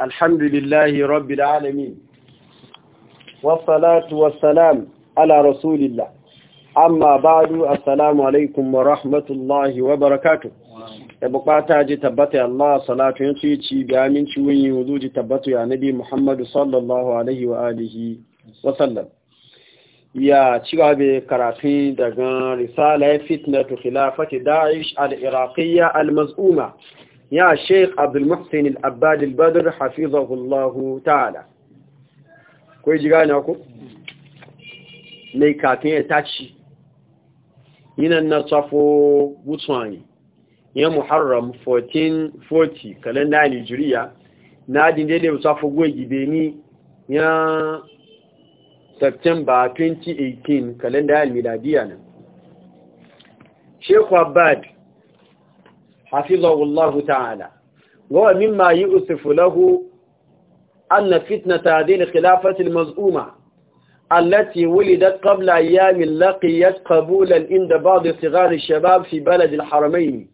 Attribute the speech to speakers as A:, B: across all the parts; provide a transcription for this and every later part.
A: الحمد لله رب العالمين والصلاة والسلام على رسول الله أما بعد السلام عليكم ورحمة الله وبركاته bukata ji tabbata Allah salatu yanzu ya ci bi aminci wuyin wuzu ji tabbata ya nabi Muhammadu sallallahu alaihi wa wa sallam ya ci gaba karafi daga risala fitnatu khilafati Daesh al-Iraqiyya al-Maz'uma ya sheik abdulmuhsin al'abbad al-badr hafizahullahu ta'ala ko ji gane ku mai kafin ya tashi yinan na tsafo wutsani ya muharram 1440 kalenda nigeria na dinde da tsafo gogi beni ya september 2018 kalenda miladiya nan sheik abbad حفظه الله تعالى ومما يؤسف له أن فتنة هذه الخلافة المزؤومة التي ولدت قبل أيام لقيت قبولا عند بعض صغار الشباب في بلد الحرمين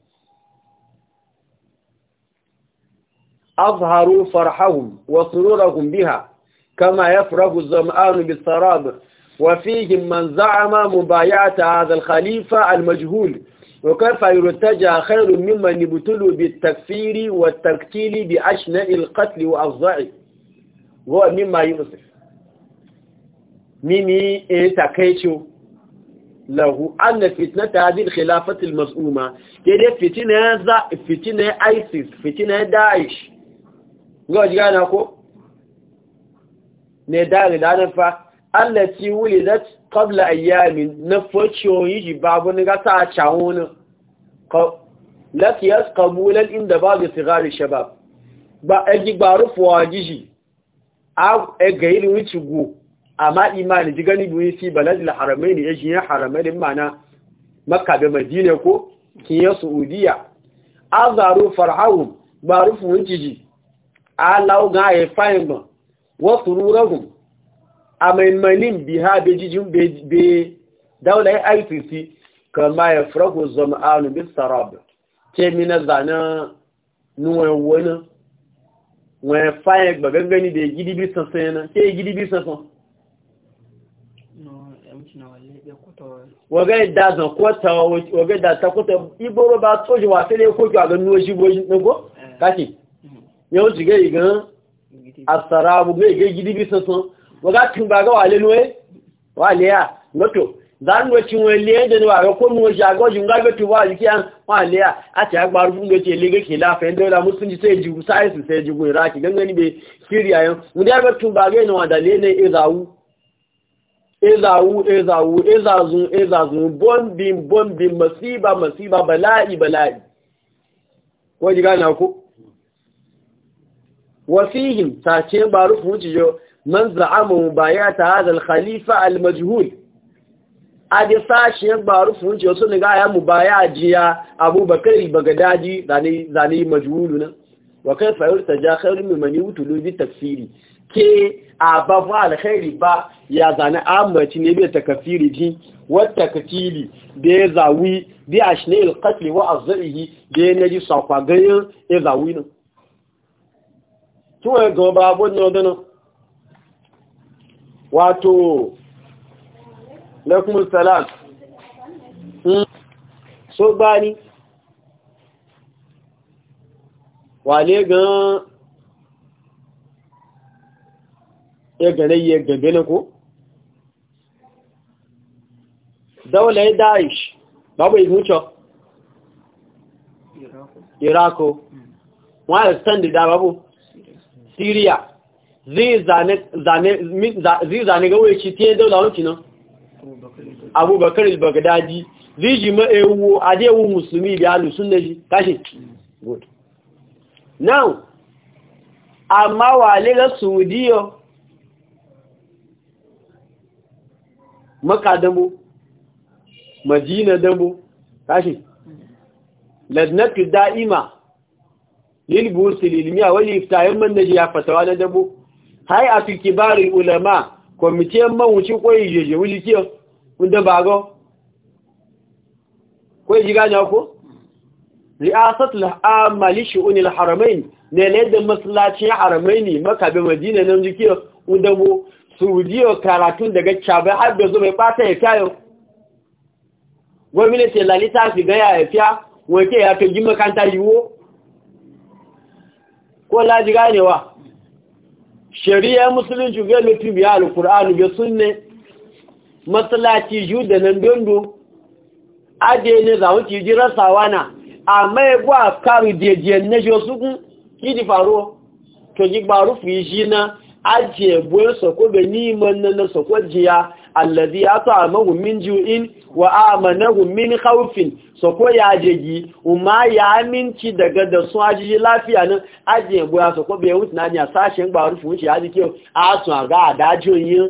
A: أظهروا فرحهم وسرورهم بها كما يفرح الظمآن بالسراب وفيهم من زعم مبايعة هذا الخليفة المجهول وكيف يرتجى خير ممن يبتلوا بالتكفير والتقتيل بأشناء القتل وأفظائه هو مما يؤسف ممي تكيشو له أن فتنة هذه الخلافة المزؤومة كده فتنة زا فتنة ISIS فتنة داعش قد جانا أخو ندار العنفة التي ولدت kabla ayyami na fociyon yi ji babu ni gasa a cawo ni lafiyas kamulan inda ba da sigari shabab ba e a ji ba fowa jiji a ga irin wuce go amma ni ji gani buyi si ba baladil haramai ne ya shi ya haramai ma mana makka da madina ko kiyar saudiya a zaro farhahun ba fowa ji a ga ya fayin ba wasu rurahun a maimanin biha be daular icc kama ya furaku zama bi sarab ke mina zanen nuwan wani wọn fayin gbagangani da gidi bi sansan yana ke gidi bi sansan wagai da zan kwata wagai da ta kwata iboro ba tsoji wa sai ne koki a ganin wajen wajen ɗago eh. kaki mm-hmm. yau jigai gan a sarabu mai gai gidi bi sansan ga tun ba ga wale noye wale ya noto zan do cin wele da ni wa ga ko mu ja go jin ga betu wa jiki an wale ya a ta gbaru fun do ce lege ke la fe ndola musulmi sai ji sai su sai ji go iraki gangani be siriya yan mu da ba tun ba ga ni wa da le ne izawu izawu izawu izazun izazun bombin bombin masiba masiba bala'i bala'i ko ji na ko wasihim ta ce ba rufin wuce man za'amu bayata hadha al-khalifa al-majhul ade sashi barufu unce wasu ne ga ya mu baya jiya abubakar bagadaji zane zane majhuluna wa kaifa yurtaja khairun mimman yutulu bi tafsiri ke ababa alkhairi ba ya zane ambaci ne bai takafiri ji wata katili da ya zawi bi ashne al-qatl wa azrihi da ya naji sakwagayin ya zawi nan tuwa ga babu nan wato lakumus salam hmm. so gbani wale gan ya gane ya na ko daula ya daish babu ihucho irako hmm. wọn a stand da babu syria zai zane ga wuce tiye daula wanki nan abubakar bagdadi zai ji ma'ewu adewu musulmi da alu sun da ji kashi good now amma wale ga saudiyo maka dambo majina dambo kashi ladnatu da'ima lil lil miya wani iftayen man da ya fatawa na dambo hai a tuki bari ulama kwamitin mawuci koyi jeje wuli kiyo wunda bago koyi jiga ne ko ri'asatul amma li shu'unil haramain ne ne da masallacin haramaini maka be madina nan jikiyo wunda mu suudiyo karatun daga chabe har da zo mai fata ya kayo gwamnati lalita fi ga ya fiya wace ya to gima kanta yiwo ko laji ganewa shari'a musulunci ga lutubi ya alkur'anu ga sunne matsalaci ju da nan dondo ajiye ne za wuce rasawa na amma ya gwa karu jejiyar ne shi wasu kun kidi faro to ji gbaru fi shi na ajiye buwan sako ga niman na na sako jiya allazi at'amahu min ju'in wa amanahu min khawfin so ko ya jeji umma ya aminci daga da su ajiji lafiya nan ajiye boya so ko be wuce na ni sashen ba rufu wuce ya jike a su ga adajo yin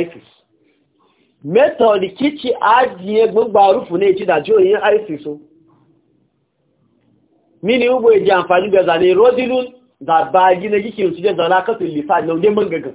A: isis method kici ajiye gbogbo rufu ne ci dajo yin isis so mini ubo je amfani da ni rodilun da ba gina gikin su je zalakatul lifa na ude mangagan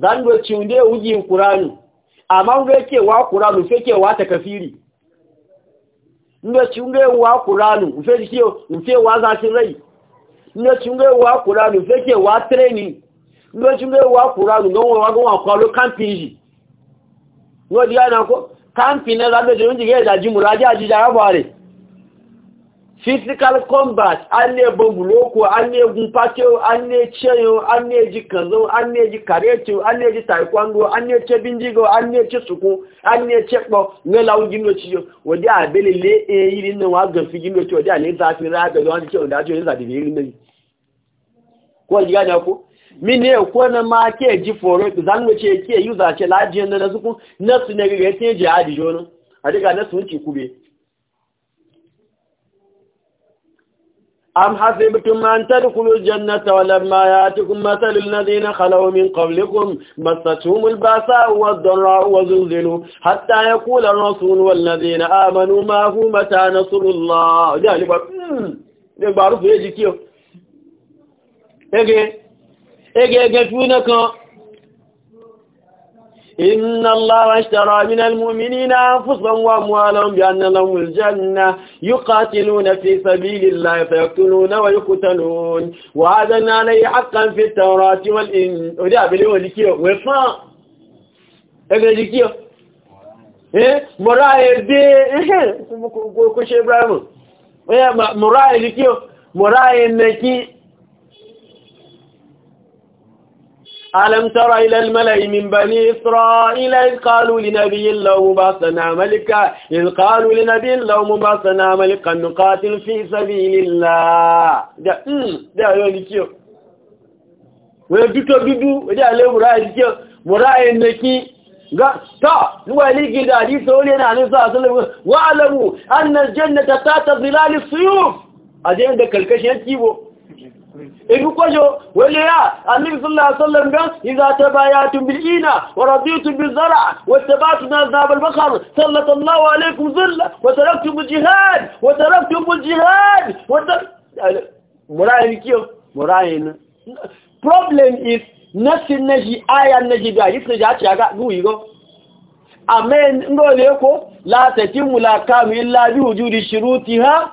A: zan do ci unde wuji qur'ani amma unde ke wa qur'ani fe ke wa takfiri unde ci unde wa qur'ani fe ke fe wa za ci rai unde ci unde wa qur'ani fe ke wa training unde ci unde wa qur'ani don wa gon kwa lo camping ni odi ana ko camping na zan do je unji ge da ji muraja ji da bare physical combat an ne bambuloko an ne gumfatewo an ne ceyo an ne ji kanzo an ne ji karetiyo an ne ji taekwondo an ne ce bindigo an ne ce suku an ne ce kpo ne a bele le e yiri nan gafi gino ciyo wadi a ne zafi ra ga zuwa ciyo da ciyo zafi yiri nan ko ji gani ko mi ne ko na ma ke ji foro zan ce ke yuza lajiyan na suku na su ne ga ce jihadi jono a diga na ci kube أم حسبتم أن تدخلوا الجنة ولما يأتكم مثل الذين خلوا من قبلكم مستهم الباساء والضراء وزلزلوا حتى يقول الرسول والذين آمنوا ما هو متى نصر الله ذلك بارف يجي كيو اجي اجي اجي فينا إيه، إيه، إن الله اشترى من المؤمنين أنفسهم وأموالهم بأن لهم الجنة يقاتلون في سبيل الله فيقتلون ويقتلون وعدنا عليه حقا في التوراة والإن وده بليه لكيو وفا ẹgbẹ́ lẹ́kíọ́ mọ̀rá ẹ̀dẹ́ ẹ̀hẹ́ kó ṣe ibrahim mọ̀rá ẹ̀lẹ́kíọ́ mọ̀rá ẹ̀nẹ́kí ألم تر إلى الملأ من بني إسرائيل إذ قالوا لنبي الله مبعثنا ملكا إذ قالوا لنبي الله مبعثنا ملكا نقاتل في سبيل الله ده ده يولي كيو ويبتو بيبو ده عليه مرأي كيو مرأي النكي ta تا gida hadisi wani yana nisa a salamu wa alamu annar jannata ta ta zilali suyuf a jayin da kalkashin ibi kwajo wani ya annabi sallallahu alaihi wasallam ga idza tun bil ina wa raditu bil zara wa tabatu nazab al bakar sallallahu alaikum zilla wa taraktum al jihad wa taraktum al jihad wa murayin kiyo murayin problem is nothing naji aya naji bi ayi tsaja ta ga guyi go amen ngole ko la tatimu la kam illa bi wujudi ha?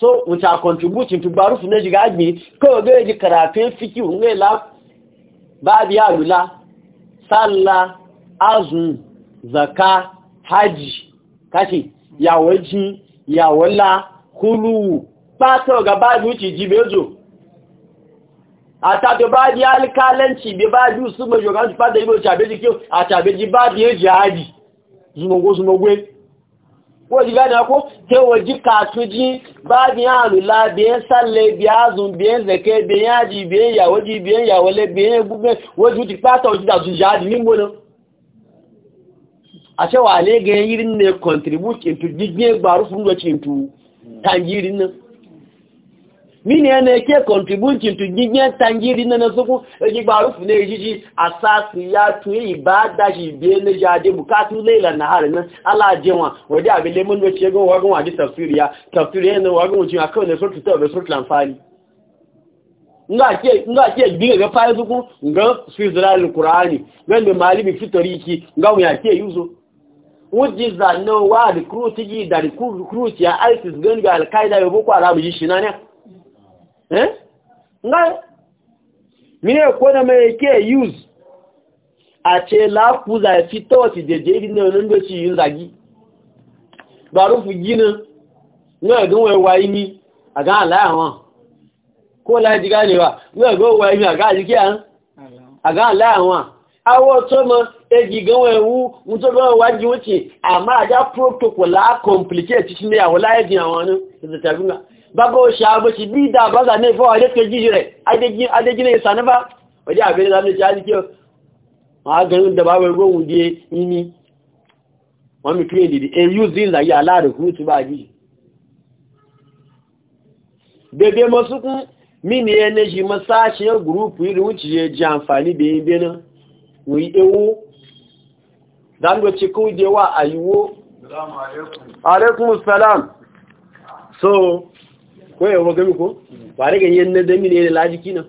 A: so which are contributing to barufu na jiga agbi kawai ga yaji karatun fiki unwe la babi alula salla azun zaka haji kashi yawaji yawola kulu pata ga babi wuce jibezo àtàtò bá di alikalenci bí bá di usumọ̀ yóò káàkiri pàtàkì ìbò ìṣàbẹ́jì kí o àtàbẹ́jì bá di èjì àádìí zùmọ̀gbó zùmọ̀gbé ko ji gane ko ke waji katuji ba bi alu la azun bi zeke bi yaji bi ya waji bi ya wale bi gugbe waju ti pata ni mo a cewa ne ga yirin ne contribute into jigbe gbaru fun do mini ene eke contribution to jinye tangiri na nasuku eji gbaru fune ejiji asasi ya tu e ibada ji be ne jade bukatu leila na har nan ala jewa wadi chego wadi tafsiri ya tafsiri ene wagun ji akon na sotu to be sotu nga ke nga be malimi fitoriki nga mu ya ke yuzo wujiza no wa recruit ji da recruit ya isis ganga al-qaida yobo kwa ramu ji shinanya Eh? nga mine e kona me e e use a ce lafu fito fi toti je je din nan si ci yin zagi baru fu gina nga ga wai wai ni aga ala ha ko la ji gane wa nga ga wai ni aga ji kiyan aga ala ha awo to mo eji gan wa ewu mu to do wa ji wuce ama aja protocol la complicate shi ne awola eji àwọn ni ze tabunga bago shabu shi bida baza ne fa wale ke jijire adeji adeji ne sana ba waje abin da ne shaji ke ma da babai go wuje nini eh, ba bebe mini wuce ji amfani da yin benin salam so ko ya wa gami ko ba da ganyen na dami ne da lajiki nan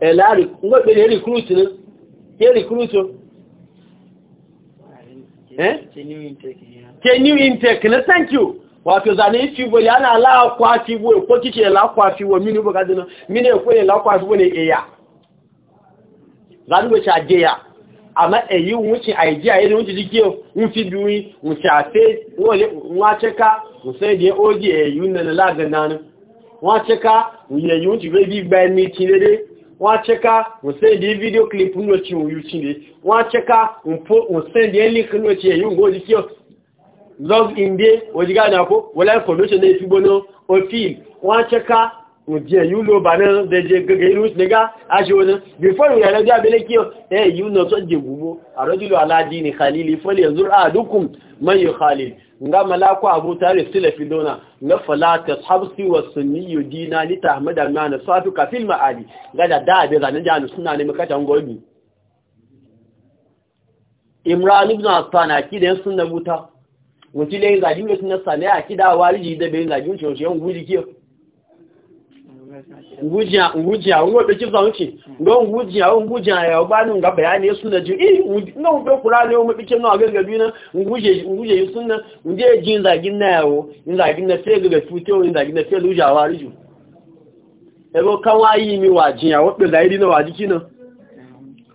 A: eh lari ngo be ne recruit ne ke recruit eh ke new intake na thank you wato zane ci bo yana la kwa ci bo ko kike la kwa ci bo mini bo kadina mini ko la kwa ci bo ne eya zan go cha je ya àmá èyí wọ́n ti àìjí àìrí wọ́n ti jí kí o ń fi bí wí wọ́n ti àfẹ́ wọ́n á chẹ́ká wọ́n sẹ́ ìdí ó di èyí nẹ̀nà lágbẹ̀nánú wọ́n wọ́n ti gba ẹni ti lédé wọ́n á wọ́n sẹ́ ìdí fídíò clip ní ti wọ́n á òjì ẹ̀yú ló bà náà dẹjẹ gẹ́gẹ́ inú ṣẹ́gá bí bífọ́rù ìyàrá jẹ́ abẹ́lẹ́ kí ọ ẹ̀yú náà tó jẹ gbogbo àrọ́jùlọ aláàdí ni khalili fọ́lẹ̀ zúrù àdúkùn mẹ́yẹ khalili nga falata habsi wa sunni kafin da suna ne gobi imran ibn affan sunna buta wuci ne zagin da sunna sane akidawa riji da bayin zagin shi shi yan guji kiyo ngujiya ngujiya ngo be kifza unchi ngo ngujiya ngujiya ya ubani nga bayani sunna ji eh ngo be kurani o mabike no aganga bina nguje nguje sunna nje jinza ginayo inza gina fege be futo inza gina fege uja wariju ebo yi mi wajiya wobe lairi na wajiki na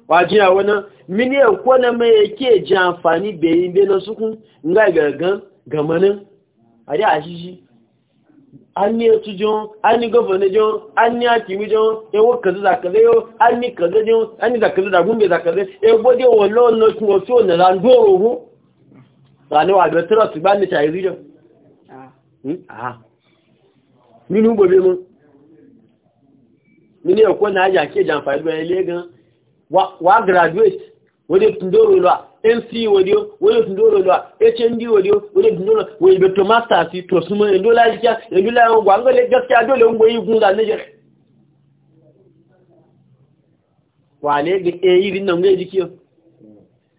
A: wajiya wana mini e ko na me yake ji amfani be yin be na sukun nga gagan gamanin ari ashishi an ni otu ani an ni gọvanọ jon an ni akimi jon ewo kaza da yo an ni kaza jon an ni da da gumbe da kaza de wo lo no tun otu ona la ndoro ta ni wa do tro ti ba ni iri ah hmm? mu mi ni ẹ̀kọ́ náà yà kí ẹjà ń gan wà graduate wọ́n dé mc wadio wele tundoro lwa hnd wadio wele tundoro wele beto master si to sumo endo la jikia ngwa ngo le gaskiya dole ngwa neje wale ga e yi rin nan ga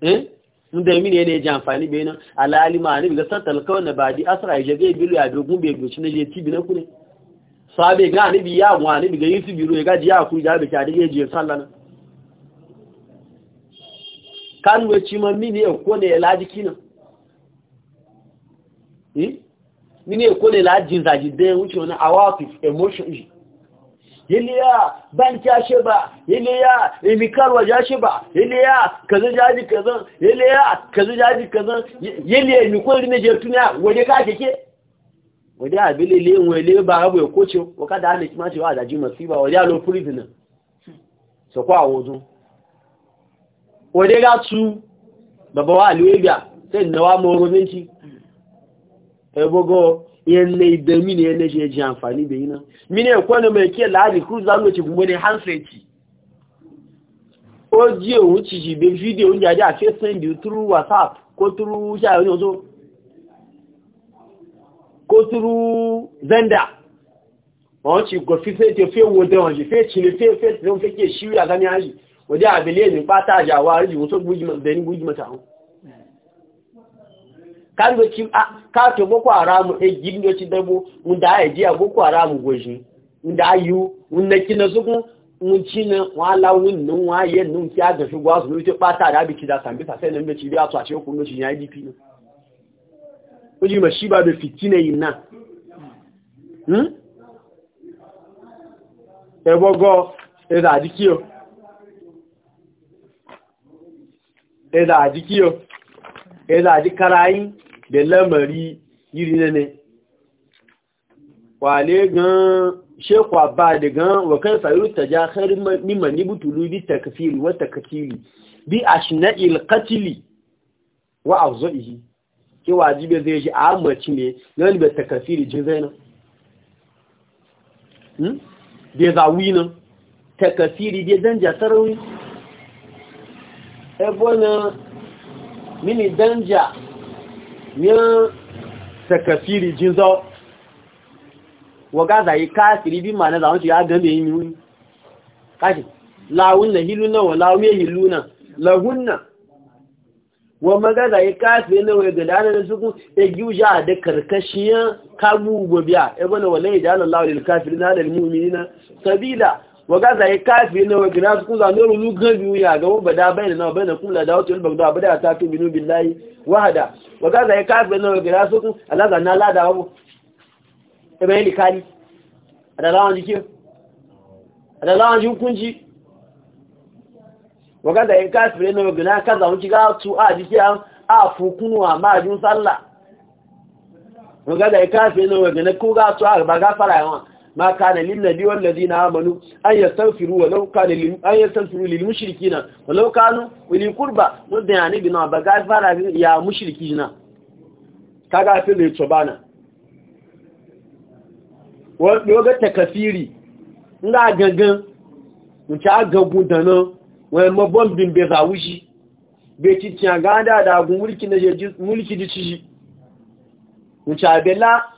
A: eh mun da mini ne ji amfani be nan alalima ne ga satal kawai na badi asra ya ga bilu ya dogun be je tibi na sabe ga wa ga biro ga ji be dige je sallana kanu ya ci ma mini ya e kone ya laji kina eh? mini ya e kone laji zaji da ya wuce wani awafif emotion ji iliya banki ashe ba iliya imikar waje ashe ba iliya kaza jaji kaza iliya kaza jaji kaza iliya imikon rine je tuniya waje ka keke waje abin iliya wani iliya ba abu ya koce wakada ana kima cewa a daji masu ba waje alo prison so kwa a wajen wadai ga su baba wa alwega sai na wa morominci ebogo yenne idemi yenne je ji amfani da yina mine kwano mai ke ladi ku za mu ci gumo ne handseti o ji o ci ji be video nja send you turu whatsapp ko turu, sha yo so ko turu zenda wọ́n ti gọ̀fífẹ́ tí ó fẹ́ wo dẹ̀wọ̀n jù fẹ́ tí ó fẹ́ fẹ́ tí waje abile ne fata a jawa riji wasu gujimata gujimata hun karbaci a kato boko haramu ɗai gidiyoci dabo wanda a yaji a boko haramu gwaji a yiwu wanda kina suku wunci na wala wunnin waye nun ki a gafi gwa da da sa sai a ce kuma shi ya yi dipi ne kuji ma shi ba ɗaya za a ji kiyo ɗaya za a ji karayin da lamari yiri ne ne wale gan shekwa ba da gan wakan sayuru ta ja har mimman ni butulu bi takfiri wa takfiri bi ashna'il qatli wa afza'ihi ke wajibi zai ji amaci ne nan da takfiri jin zaina hmm bai wi nan takfiri bai danja sarauni ebona mini danja ya sakafiri jinzo waga zai kafiri bi mana zawon ya game yi muni kashi lawun na hiluna wa lawun ya hiluna lahunna wa maga zai kafiri na wai gadana na suku egiuja da karkashiyan kagu gobiya ebona wala ya jala lawun kafiri na da mu'minina sabila waga zai kafi na wajen nasu kun zane rulu gan biyu ya ga wabba da bai na bai na kula da wata ilbar da abu da ta tu binu billahi wahada waga zai kafi na wajen nasu kun alaga na lada wabu ebe yi likali adalawan da lawan jiki a da lawan hukunci kafi na wajen nasu kaza wuci ga su a jiki a fukunuwa ma jin sallah waga zai kafi na wajen nasu kun ga su a ba ma kana lil nabi wal ladina amanu an yastaghfiru walau kana lil an yastaghfiru lil mushrikina walau kanu wili qurba mudan yani bin abaga fara ya mushrikina kaga sai da tsobana wa yoga takafiri nga gangan nta agagun dana wa mo bombin be zawushi be titiya ganda da gun mulki na je mulki diciji nta bela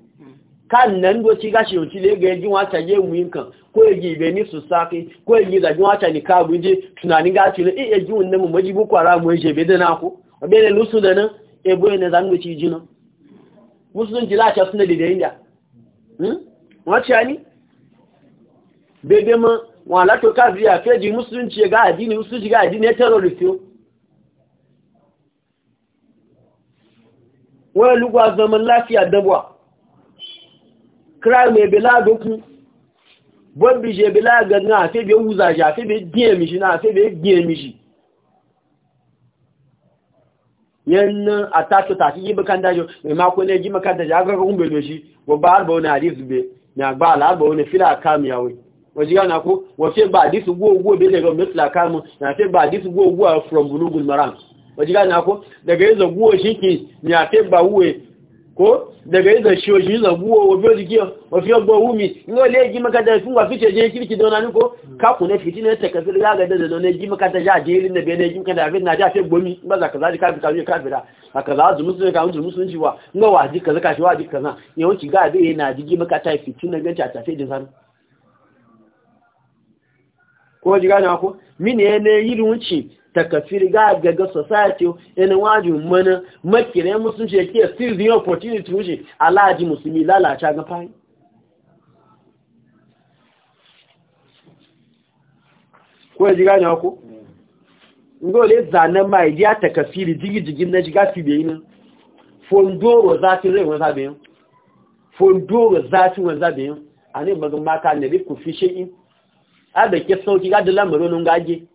A: kan nan doci gashi yau cile ga yajin wata ye muyin kan ko yi be ni su saki ko yaji da jin wata ni ka bunje tunani gashi ne eh yaji wannan mu maji bu kwara mu je be da na ku be ne lusu da nan e boye ne zan doci jina musulunci la ta sunna da da inda hm wace ani be be ma wala to ka biya ji feji musulunci ga addini musulunci ga addini ne terrorist yo wani lugwa zaman lafiya dabwa crime ebe laadokun bọ́bí ṣe ebe láàgẹ̀gẹ̀ àfẹ́bẹ̀ wùzàṣà àfẹ́bẹ̀ dín èmìṣì náà àfẹ́bẹ̀ dín èmìṣì yẹn ná àtàtọ̀tà sí yí mẹ́kàndájọ́ ìmákọ́lẹ̀ yí mẹ́kàndájọ́ agagagún bèèrè sí gbogbo àgbà ní àdíṣùgbé ní àgbà àlàgbà ní fílà kàmì àwẹ̀ wọ́n ti gba àdíṣùgbó owó ìbílẹ̀ rẹ̀ mẹ́fìlà gba àdíṣùgbó owó from bulugun maram wọ́n ti daga yanzu daga yízo gbó òṣìkì ko daga yin zashi shi zabuwa wa biyo jikiya wa fiye gbo wumi ino wale ji maka da fun wa fice je kirki da wani ko hmm. ka ku ne fiti ne ta kasir ya ga da ne ji maka da ja je irin da bene ji maka da abin na ja fiye gbomi ba za ka za ka fita ka fita haka za su musulunci ka mutu musulunci wa nga wa ji kaza ka shi wa ji kaza yawanci ga abin yana ji ji maka ta fiti na ganta ta sai din san ko ji gane ko mine ne yi wuce takafiri ga gaga society yana wajin mana makirai musulunci ya ke still the opportunity wuce Alaji musulmi lalata ga fayi ko ya ji gane ku? ngole zanen ma idi ya takafiri jigijigin na jiga fi be ina fondoro ti re wanzu be fondoro za ti abiyan be ani magin maka na ku fi shi'in a da ke sauki ga da lamarin gaje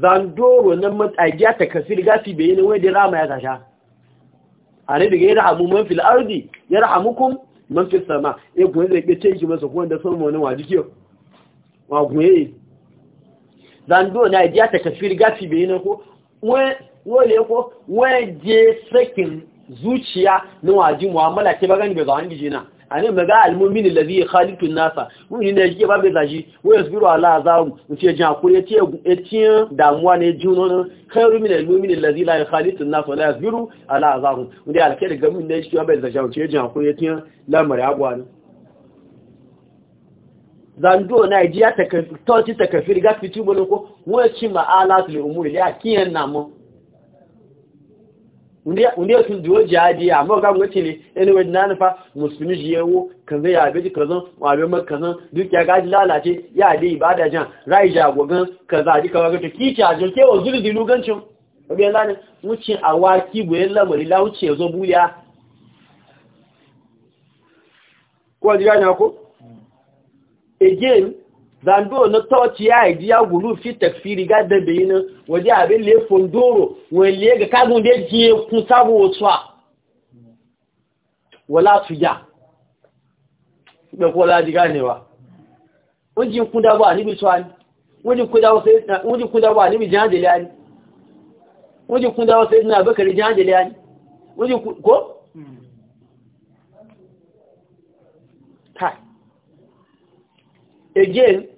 A: zandoro nan matsagiya ta kafir gafi bai yi wai da rama ya tasha a ne daga yi rahamu man fil ardi ya rahamu kun man fil sama ya kuma zai ke canji masa kuma da sama wani waji kiyo wa kuma yi zandoro na ajiya ta kafir gafi bai yi na ko wale ko wani je sakin zuciya na waji mu'amala ke bagani bai zawon gijina ane maga almumin allazi khaliqu an-nasa mun ne yake be zaji wa yasbiru ala azam ce jan kure ce ce damuwa ne juno khairu min almumin allazi la khaliqu an-nasa wa la yasbiru ala azam mun da alkai daga mun ne yake be zaji ce jan kure la lamari agwa ne zando Nigeria ta kafi ta kafi ga fitu bolo ko wa ci ala tul umuri ya kiyan namu ndị otu dị jihadi a ya amma ga gwamnati ne anyway na nufa musulmi shi yawo kan zai yabe ji kazan wabe maka kazan duk ya gaji lalace ya da ibada jan rai jagogan kaza ji kawai ta kici a jirke wa zuri dilu gancin wabe yana ne wucin awaki goyen lamari lauce ya zo buya ko a jira ko again zando na toci ya yi ya guru fi tafsiri ga da bai nan waje abin le wani wale ga kagun da je kun sabo wasuwa wala su ja da kola ji ganewa wajen kuda ba ni bi tsani wajen kuda wasu wajen kuda ba ni bi jan da lani wajen kuda wasu ina bakari jan da lani wajen ko hmm. Again,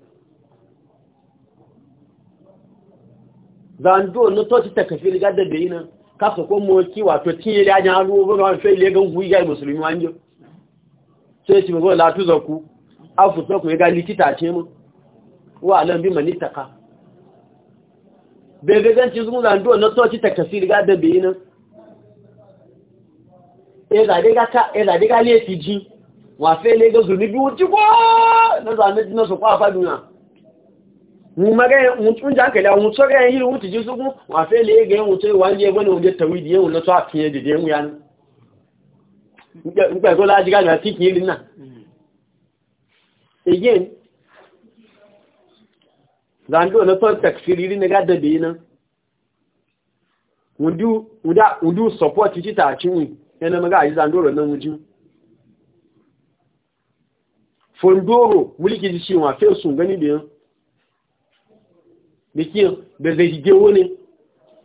A: zando na toci ta kafi riga da bai nan kasa ko moki wato tinye da ajin hannu wani wani fai legan ku ya musulmi wani sai ci mago latu za ku afusa ku ga likita ce mu wa alam bi manita ka bai gaganci zumu zando na toci ta kafi riga da bai nan ezade ga lefi ji wa fai legan zunubi na na kwa wùmọ́gẹ́yìn jákèlé àwọn sọ́gẹ́yìn yìí wùn ti jí sókún wà fẹ́ ga gẹ́ wùn wa wà ní ẹgbẹ́ náà oúnjẹ tẹ̀wé ìdíyẹ́ wùn lọ́tọ́ àfihàn dìde ń wíyá ní pẹ̀lú ajígá na. àti kìí na again zando na takfiri ne ga da bayi nan support títí tààtí wùn ẹnà mọ́gá àyí zando rẹ̀ náà fondoro mulki ji shi wa fẹ́ sun gani da biki da zai jige wani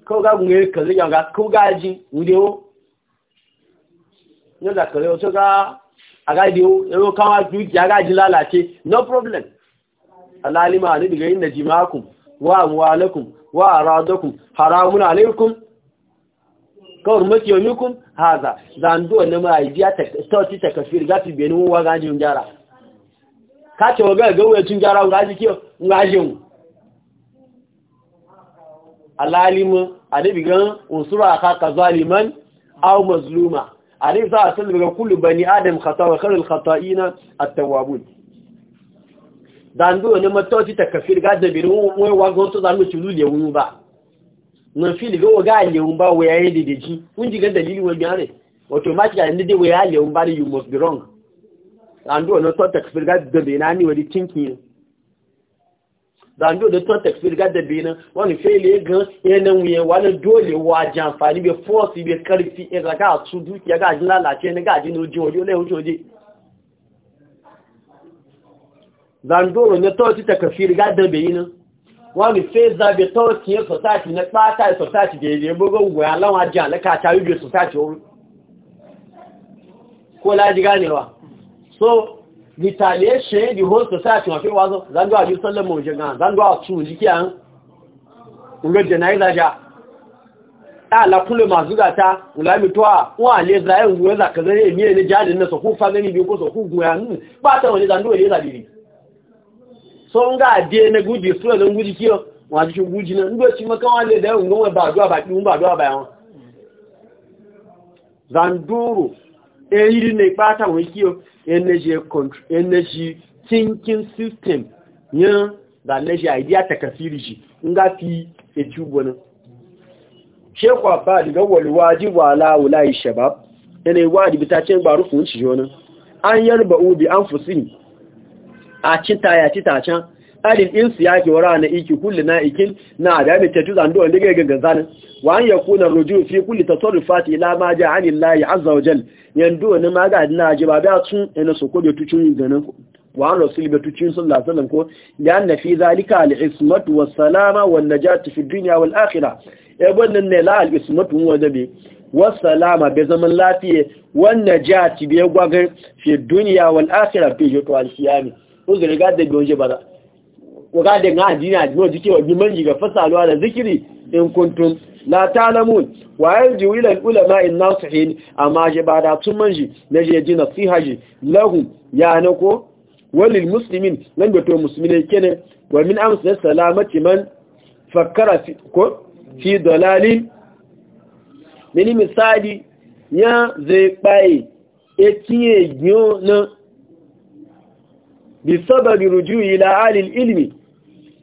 A: kawai gagun gungaye ka zai yanga kawai gaji wudewo yau da kare wato ga a gaji yau yau kama duki a gaji lalace no problem alalima ni daga yin da jimakun wa amwalakum wa aradakum haramun alaikum kawar yomi yomikun haza zandu wani ma'aibiya sauti ta kafir gafi benin wa gajin gyara ka ce wa ga ya cin gyara wa gaji e kiyo ngajin alalimin anabi gan unsura akaka zaliman au mazluma za a sallu ga kullu bani adam khata wa khairul khata'ina at-tawwabun dan do ne matoti kafir, ga da biru wai wa go to zanu chulu le wun ba na fili go ga le wun ba wa yayi de deji kun ji ga dalili wai gare automatically ne de wa ya le wun ba you must be wrong dan do ne to kafir, ga da bi wa wadi tinki zando da ton takfir gadda bi nan wani fele ga yanan wani dole wa jamfani be fosi be karfi e ga su dukiya ga lalace ne ga jin ojo ojo le ojo ne to ti takfir gadda bi nan wani fe za be to ti e society ne pa ta society de de ya lawa jan la ka ta bi society ko la ganewa so retaliation the whole society wafe wazo zango a yi sallama wajen gan zango a tun jikiyan nlo janaiza ja ala ah, kule masu gata ulamitowa wọn ale zayen eh, guwe zakazare emiye eh, ne jadin na sokun fagani biyu ko sokun guya hmm. ba ta wani zango ne zabiri so nga ga ade na sura don guji kiyo wọn jikin guji na e ndo ci maka wale da e ba ba ba zanduru eriri na ikpata nwere ike energy energy thinking system nye na energy idea takafiriji nga fi eti ugbonin shekwa ba daga walwa jiwa la'ula yi shabab yana yi wa dibita ce gbaru fun shi jonin an yarba ubi an fusi a cita ya cita can alil insu ya ke wara na iki kulli na ikin na adami ta tuzan duwan daga ga gazanin wa an yakuna ruju fi kulli tasarrufati ila ma ja anil lahi azza wa jal yandu wani ma ga na ji ba da sun ina su ko da tucin ganin wa an rasul bi tucin sallallahu alaihi wasallam ko da anna fi zalika al ismat wa salama wa najat fi duniya wal akhirah e wannan ne la al ismat wa dabi wa salama bi zaman lafiya wa najat bi gwagar fi duniya wal akhirah bi yato al kiyami ko ga da gonje bara waga da ga adina adino jike wa biman ga fasaluwa da zikiri in kuntum la talamun wa yarju ila ulama in nasihin amma je ba da tun manji na je ji nasiha ji lahu, ya na ko walil muslimin nan da to kenan wa min amsa salamati man fakkara ko fi dalalin mini misali ya zai paye etinye gyo na bisababi ruju'i ila alil ilmi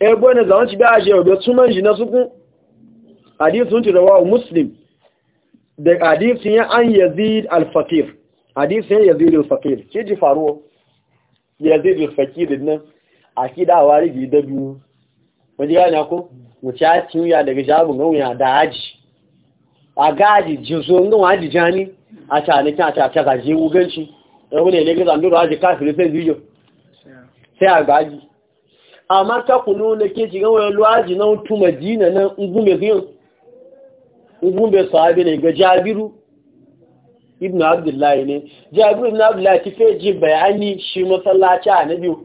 A: ebe ne zawon ci bi a shewa sunan shi na suku hadisun ci rawa muslim da hadisun ya an yazid al-fakir hadisun ya yazid al-fakir ji faruwa yazid al-fakir nan a kida wari bi da biyu wani gane ko wuce a tinuya daga jabin gauya da haji a gaji jinsu ngan waji jani a a ne kafin sai sai a amma ta kunu na ke shigan wani luwaji na hutu madina na ngumbe fiyan ngumbe sahabi ne ga jabiru ibn abdullahi ne jabiru ibn abdullahi ti fe ji bayani shi masallaci a na biyu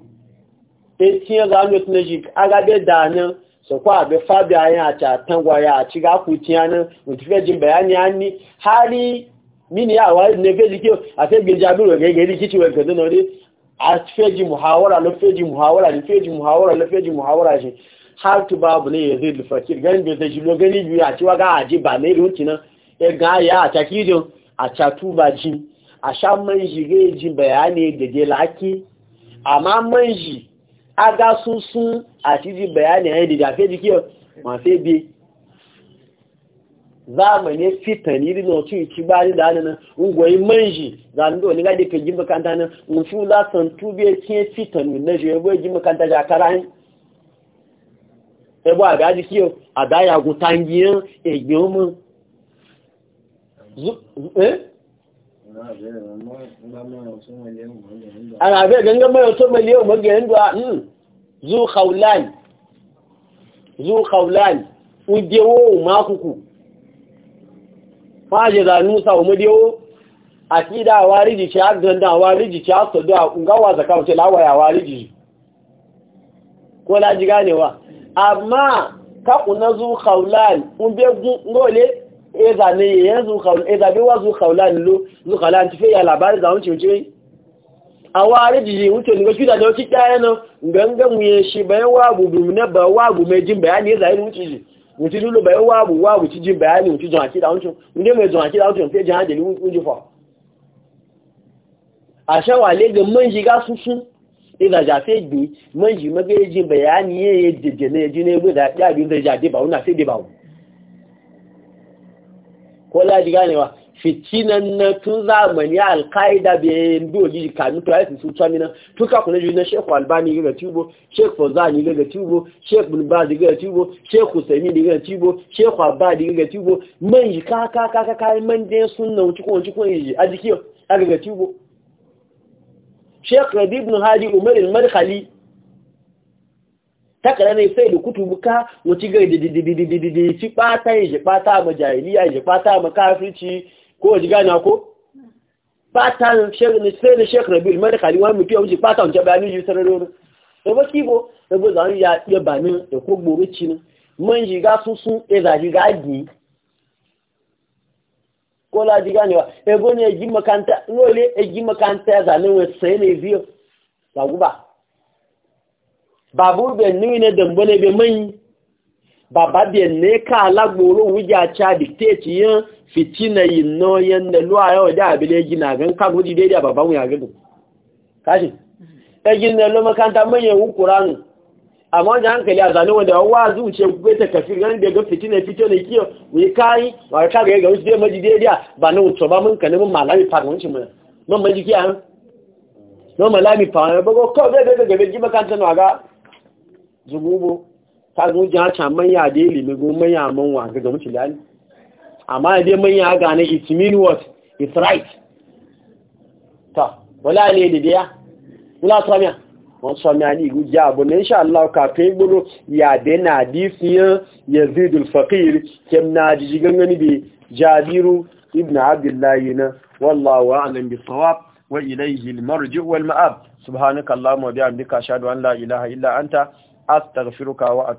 A: e tiyan zanu tun ji aga be danan so kwa be fabi ayin a ta tangwa ya ci ga ku tiyan mu ti fe ji bayani ani hali mini ya wa ne fe ji ke a fe gbe jabiru ga ga ri kici wa ga na dai a feji muhawara na feji muhawara ne feji muhawara na feji muhawara shi har tu babu ne ya zai lufakir gani bai zai shilo gani biyu a ciwa ga aji ba ne da nan ya e ga ya a caki jin a catu ba ji a sha man shi ga ji bayani da je laki amma man shi a ga sun sun a ci ji bayani a yi da dafe jikiyar masu ebe zamani fitani da na ci ci bari da nan ungoyi manji zan do ni ga de kejin makanta nan mun fu la san tube ke fitanu na je bo ji makanta ja karan e bo aga ji kiyo ada ya gun tangiyan egbin mu eh ana be ganga mai to mai yau magayen duwa hmm. zu khaulan zu khaulan ujewo makuku fáàjẹ̀ da nusa umariyau a ti da wariji ce agdan da wariji ce a sadu a kungawa zaka wuce lawaya wariji ko laji ganewa amma kaku na zu kaulan unbe gole e zane yayin zu kaulan e zabe wa zu kaulan lo zu kaulan ti fe ya labari da wuce wuce a wariji wuce ne gashi da da wuce kyaye nan gangan mu ya shi bayan wa gudu na ba wa gume jin bayani ya zai wuce wuti lulu bai wabu wabu ci jin bayani wuti jan akida wuncin inda mai jan akida wuncin sai jan hajjali wuji fa a shawale ga manji ga susun ina jafe gbe manji maga jin bayani ya yi jeje na yaji na egbe da ya biyu jade ba wuna sai dai ba wu ko laji ganewa fitinan na tun zamani alkaida bayan oji kami to ayi su tsami na ka kuna juna na Albani ga tubo Sheikh Fozani ga tubo Sheikh Bin ga tubo Sheikh Usaimi ga tubo Sheikh Abadi ga tubo man yi ka ka ka ka kai man dai sunna wuci ko wuci ko yi a jiki ga tubo Sheikh Rabi ibn Hadi Umar al-Madkhali takara ne sai da kutu wuci ga dididididididi ci bata yi ji ma ji ma ko ji gane ko patan sai da shek rabi ilmar kali wani mutu yawon ji patan ta bayani yi sararori da ba kibo da za zan ya iya bani da ko gboro cinin man jiga sun sun eza jiga agi ko la jiga ne wa ego ne egi makanta nole egi makanta ya zane wa sai ne biyo la guba babur ben ni ne dambo ne be man baba ben ne ka alagboro wuja cha dictate yan fitina yin noyen da luwa yau da abile gina gan daidai a babban wuya gudu kashi ta gina lo makanta manyan hukuranu hankali a zane wanda wa zuce gugbe ta ganin da ga fitina fito kiyo wai kayi ka ga ga wasu maji daidai ba na wuce ba mun kanin malami fa mun ci mun maji kiya no malami fa ba ko ko da da ga ji makanta no ga zugubo ta gun ja cha go man wa ga ga amma dai manya gane it's mean what it's right ta wala ne da daya wala samiya wani sọ ni àní ìlú abu ne insha Allah ka tó ń ya yàdé na di fiye ya yazid al-fakir kem na jiji gangan bi jabiru ibn abdullahi na wallawa alam bi sawab wa ilayhi al-marji wal ma'ab subhanaka allahumma wa bihamdika ashhadu an la ilaha illa anta astaghfiruka wa